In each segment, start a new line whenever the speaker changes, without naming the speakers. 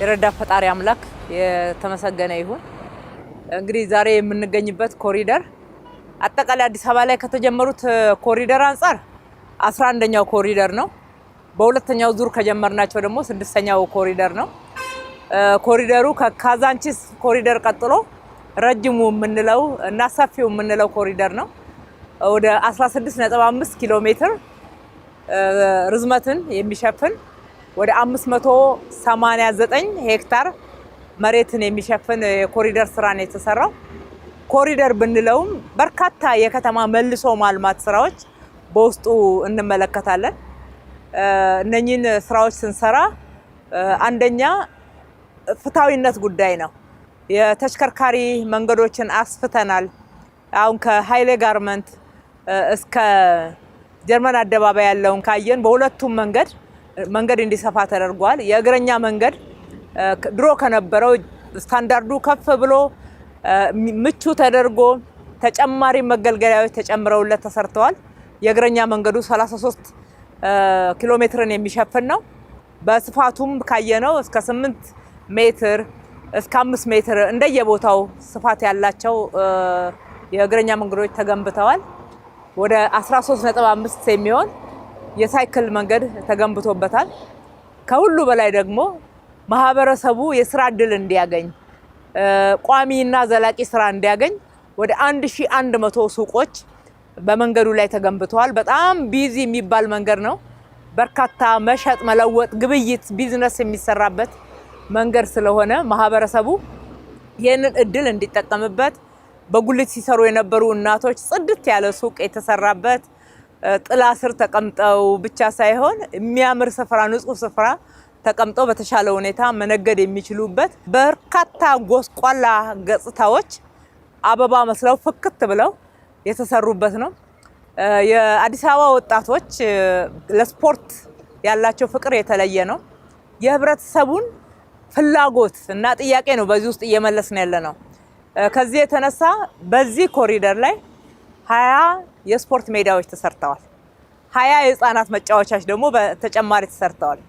የረዳ ፈጣሪ አምላክ የተመሰገነ ይሁን። እንግዲህ ዛሬ የምንገኝበት ኮሪደር አጠቃላይ አዲስ አበባ ላይ ከተጀመሩት ኮሪደር አንጻር አስራ አንደኛው ኮሪደር ነው። በሁለተኛው ዙር ከጀመርናቸው ደግሞ ስድስተኛው ኮሪደር ነው። ኮሪደሩ ከካዛንቺስ ኮሪደር ቀጥሎ ረጅሙ የምንለው እና ሰፊው የምንለው ኮሪደር ነው። ወደ 16.5 ኪሎ ሜትር ርዝመትን የሚሸፍን ወደ 589 ሄክታር መሬትን የሚሸፍን የኮሪደር ስራ ነው የተሰራው። ኮሪደር ብንለውም በርካታ የከተማ መልሶ ማልማት ስራዎች በውስጡ እንመለከታለን። እነኚህን ስራዎች ስንሰራ አንደኛ ፍትሐዊነት ጉዳይ ነው። የተሽከርካሪ መንገዶችን አስፍተናል። አሁን ከሀይሌ ጋርመንት እስከ ጀርመን አደባባይ ያለውን ካየን በሁለቱም መንገድ መንገድ እንዲሰፋ ተደርጓል። የእግረኛ መንገድ ድሮ ከነበረው ስታንዳርዱ ከፍ ብሎ ምቹ ተደርጎ ተጨማሪ መገልገያዎች ተጨምረውለት ተሰርተዋል። የእግረኛ መንገዱ 33 ኪሎ ሜትርን የሚሸፍን ነው። በስፋቱም ካየነው እስከ 8 ሜትር እስከ 5 ሜትር እንደየቦታው ስፋት ያላቸው የእግረኛ መንገዶች ተገንብተዋል። ወደ 13.5 የሚሆን የሳይክል መንገድ ተገንብቶበታል። ከሁሉ በላይ ደግሞ ማህበረሰቡ የስራ እድል እንዲያገኝ ቋሚና ዘላቂ ስራ እንዲያገኝ ወደ 1100 ሱቆች በመንገዱ ላይ ተገንብተዋል። በጣም ቢዚ የሚባል መንገድ ነው። በርካታ መሸጥ፣ መለወጥ፣ ግብይት፣ ቢዝነስ የሚሰራበት መንገድ ስለሆነ ማህበረሰቡ ይህንን እድል እንዲጠቀምበት በጉልት ሲሰሩ የነበሩ እናቶች ጽድት ያለ ሱቅ የተሰራበት ጥላ ስር ተቀምጠው ብቻ ሳይሆን የሚያምር ስፍራ፣ ንጹህ ስፍራ ተቀምጠው በተሻለ ሁኔታ መነገድ የሚችሉበት በርካታ ጎስቋላ ገጽታዎች አበባ መስለው ፍክት ብለው የተሰሩበት ነው። የአዲስ አበባ ወጣቶች ለስፖርት ያላቸው ፍቅር የተለየ ነው። የህብረተሰቡን ፍላጎት እና ጥያቄ ነው በዚህ ውስጥ እየመለስ ነው ያለ ነው። ከዚህ የተነሳ በዚህ ኮሪደር ላይ ሀያ የስፖርት ሜዳዎች ተሰርተዋል። ሀያ የህፃናት መጫወቻዎች ደግሞ በተጨማሪ ተሰርተዋል።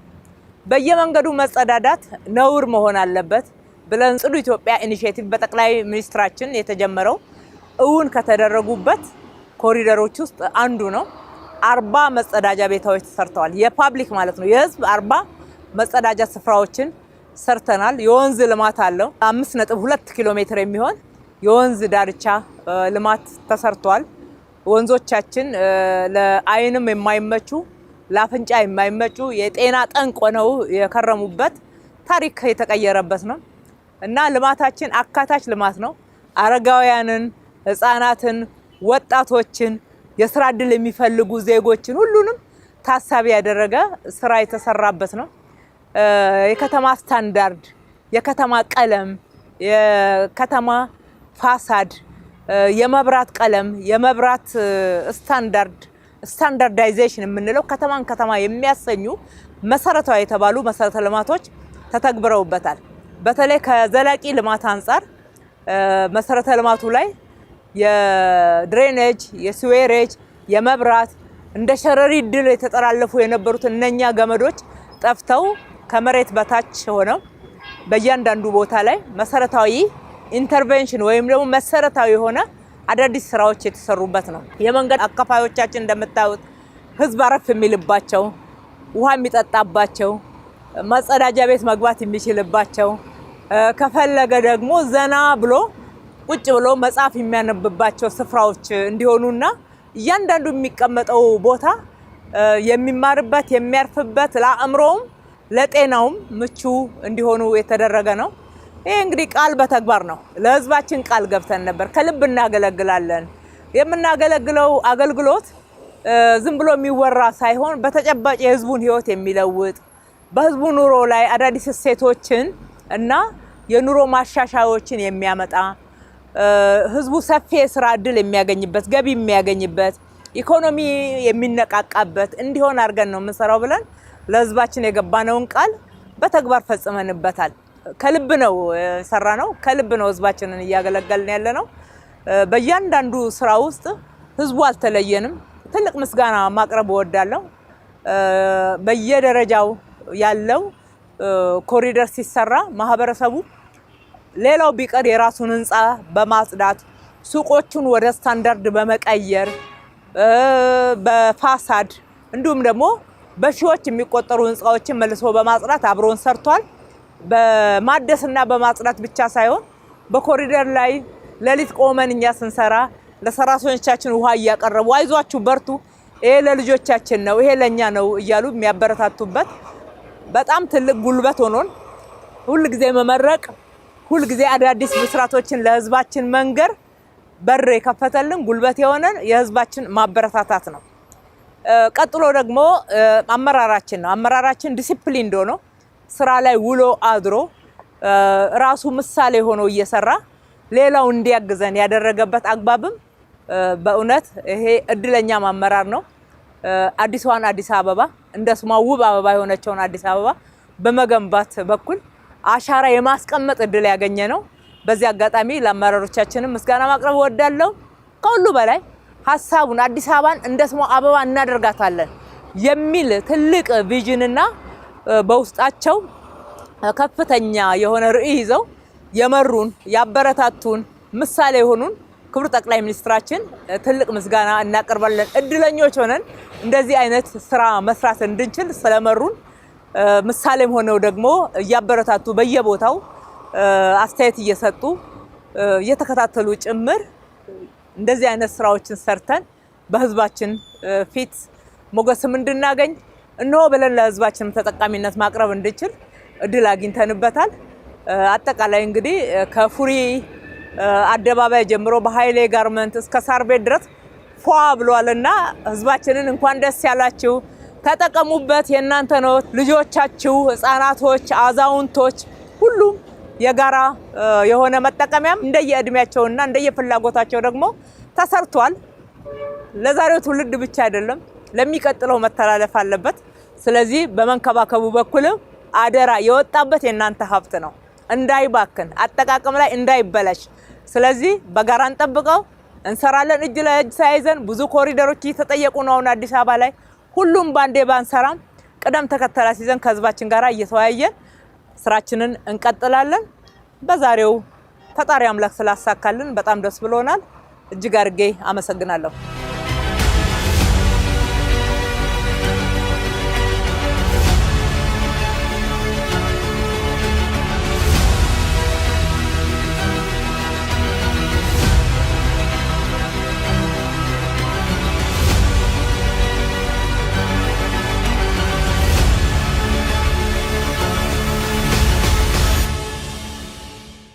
በየመንገዱ መጸዳዳት ነውር መሆን አለበት ብለን ጽዱ ኢትዮጵያ ኢኒሽቲቭ በጠቅላይ ሚኒስትራችን የተጀመረው እውን ከተደረጉበት ኮሪደሮች ውስጥ አንዱ ነው። አርባ መጸዳጃ ቤታዎች ተሰርተዋል። የፓብሊክ ማለት ነው የህዝብ አርባ መጸዳጃ ስፍራዎችን ሰርተናል። የወንዝ ልማት አለው። አምስት ነጥብ ሁለት ኪሎ ሜትር የሚሆን የወንዝ ዳርቻ ልማት ተሰርቷል። ወንዞቻችን ለአይንም የማይመቹ ለአፍንጫ የማይመቹ የጤና ጠንቅ ሆነው የከረሙበት ታሪክ የተቀየረበት ነው እና ልማታችን አካታች ልማት ነው። አረጋውያንን፣ ህፃናትን፣ ወጣቶችን፣ የስራ እድል የሚፈልጉ ዜጎችን ሁሉንም ታሳቢ ያደረገ ስራ የተሰራበት ነው። የከተማ ስታንዳርድ፣ የከተማ ቀለም፣ የከተማ ፋሳድ የመብራት ቀለም፣ የመብራት ስታንዳርድ ስታንዳርዳይዜሽን የምንለው ከተማን ከተማ የሚያሰኙ መሰረታዊ የተባሉ መሰረተ ልማቶች ተተግብረውበታል። በተለይ ከዘላቂ ልማት አንጻር መሰረተ ልማቱ ላይ የድሬኔጅ፣ የስዌሬጅ፣ የመብራት እንደ ሸረሪ ድል የተጠላለፉ የነበሩት እነኛ ገመዶች ጠፍተው ከመሬት በታች ሆነው በእያንዳንዱ ቦታ ላይ መሰረታዊ ኢንተርቬንሽን ወይም ደግሞ መሰረታዊ የሆነ አዳዲስ ስራዎች የተሰሩበት ነው። የመንገድ አካፋዮቻችን እንደምታዩት ህዝብ አረፍ የሚልባቸው፣ ውሃ የሚጠጣባቸው፣ መጸዳጃ ቤት መግባት የሚችልባቸው፣ ከፈለገ ደግሞ ዘና ብሎ ቁጭ ብሎ መጽሐፍ የሚያነብባቸው ስፍራዎች እንዲሆኑና እያንዳንዱ የሚቀመጠው ቦታ የሚማርበት የሚያርፍበት ለአእምሮውም ለጤናውም ምቹ እንዲሆኑ የተደረገ ነው። ይህ እንግዲህ ቃል በተግባር ነው። ለህዝባችን ቃል ገብተን ነበር። ከልብ እናገለግላለን። የምናገለግለው አገልግሎት ዝም ብሎ የሚወራ ሳይሆን በተጨባጭ የህዝቡን ህይወት የሚለውጥ በህዝቡ ኑሮ ላይ አዳዲስ እሴቶችን እና የኑሮ ማሻሻያዎችን የሚያመጣ ህዝቡ ሰፊ የስራ እድል የሚያገኝበት ገቢ የሚያገኝበት ኢኮኖሚ የሚነቃቃበት እንዲሆን አድርገን ነው የምንሰራው ብለን ለህዝባችን የገባነውን ቃል በተግባር ፈጽመንበታል። ከልብ ነው ሰራ ነው። ከልብ ነው ህዝባችንን እያገለገልን ያለ ነው። በእያንዳንዱ ስራ ውስጥ ህዝቡ አልተለየንም። ትልቅ ምስጋና ማቅረብ እወዳለሁ። በየደረጃው ያለው ኮሪደር ሲሰራ ማህበረሰቡ ሌላው ቢቀር የራሱን ህንፃ በማጽዳት ሱቆቹን ወደ ስታንዳርድ በመቀየር በፋሳድ እንዲሁም ደግሞ በሺዎች የሚቆጠሩ ህንፃዎችን መልሶ በማጽዳት አብሮን ሰርቷል። በማደስና በማጽዳት ብቻ ሳይሆን በኮሪደር ላይ ሌሊት ቆመን እኛ ስንሰራ ለሰራተኞቻችን ውሃ እያቀረቡ አይዟችሁ በርቱ፣ ይሄ ለልጆቻችን ነው፣ ይሄ ለእኛ ነው እያሉ የሚያበረታቱበት በጣም ትልቅ ጉልበት ሆኖን ሁልጊዜ መመረቅ፣ ሁልጊዜ አዳዲስ ብስራቶችን ለህዝባችን መንገር በር የከፈተልን ጉልበት የሆነን የህዝባችን ማበረታታት ነው። ቀጥሎ ደግሞ አመራራችን ነው። አመራራችን ዲሲፕሊን እንደሆነው ስራ ላይ ውሎ አድሮ ራሱ ምሳሌ ሆኖ እየሰራ ሌላው እንዲያግዘን ያደረገበት አግባብም በእውነት ይሄ እድለኛ ማመራር ነው። አዲስዋን አዲስ አበባ እንደ ስሟ ውብ አበባ የሆነችውን አዲስ አበባ በመገንባት በኩል አሻራ የማስቀመጥ እድል ያገኘ ነው። በዚህ አጋጣሚ ለአመራሮቻችንም ምስጋና ማቅረብ እወዳለሁ። ከሁሉ በላይ ሀሳቡን አዲስ አበባን እንደ ስሟ አበባ እናደርጋታለን የሚል ትልቅ ቪዥንና በውስጣቸው ከፍተኛ የሆነ ርዕይ ይዘው የመሩን ያበረታቱን ምሳሌ የሆኑን ክቡር ጠቅላይ ሚኒስትራችን ትልቅ ምስጋና እናቀርባለን። እድለኞች ሆነን እንደዚህ አይነት ስራ መስራት እንድንችል ስለመሩን ምሳሌም ሆነው ደግሞ እያበረታቱ በየቦታው አስተያየት እየሰጡ እየተከታተሉ ጭምር እንደዚህ አይነት ስራዎችን ሰርተን በህዝባችን ፊት ሞገስም እንድናገኝ እነሆ ብለን ለህዝባችንም ተጠቃሚነት ማቅረብ እንድችል እድል አግኝተንበታል። አጠቃላይ እንግዲህ ከፉሪ አደባባይ ጀምሮ በሀይሌ ጋርመንት እስከ ሳር ቤት ድረስ ፏ ብሏልና ህዝባችንን እንኳን ደስ ያላችሁ፣ ተጠቀሙበት፣ የእናንተ ነው። ልጆቻችሁ፣ ህፃናቶች፣ አዛውንቶች ሁሉም የጋራ የሆነ መጠቀሚያም እንደየእድሜያቸውና እንደየፍላጎታቸው ደግሞ ተሰርቷል። ለዛሬው ትውልድ ብቻ አይደለም፣ ለሚቀጥለው መተላለፍ አለበት። ስለዚህ በመንከባከቡ በኩልም አደራ የወጣበት የእናንተ ሀብት ነው፣ እንዳይባክን አጠቃቀም ላይ እንዳይበለሽ። ስለዚህ በጋራ እንጠብቀው፣ እንሰራለን እጅ ለእጅ ተያይዘን። ብዙ ኮሪደሮች እየተጠየቁ ነው አሁን አዲስ አበባ ላይ። ሁሉም ባንዴ ባንሰራም ቅደም ተከተላ ሲዘን ከህዝባችን ጋር እየተወያየን ስራችንን እንቀጥላለን። በዛሬው ፈጣሪ አምላክ ስላሳካልን በጣም ደስ ብሎናል። እጅግ አድርጌ አመሰግናለሁ።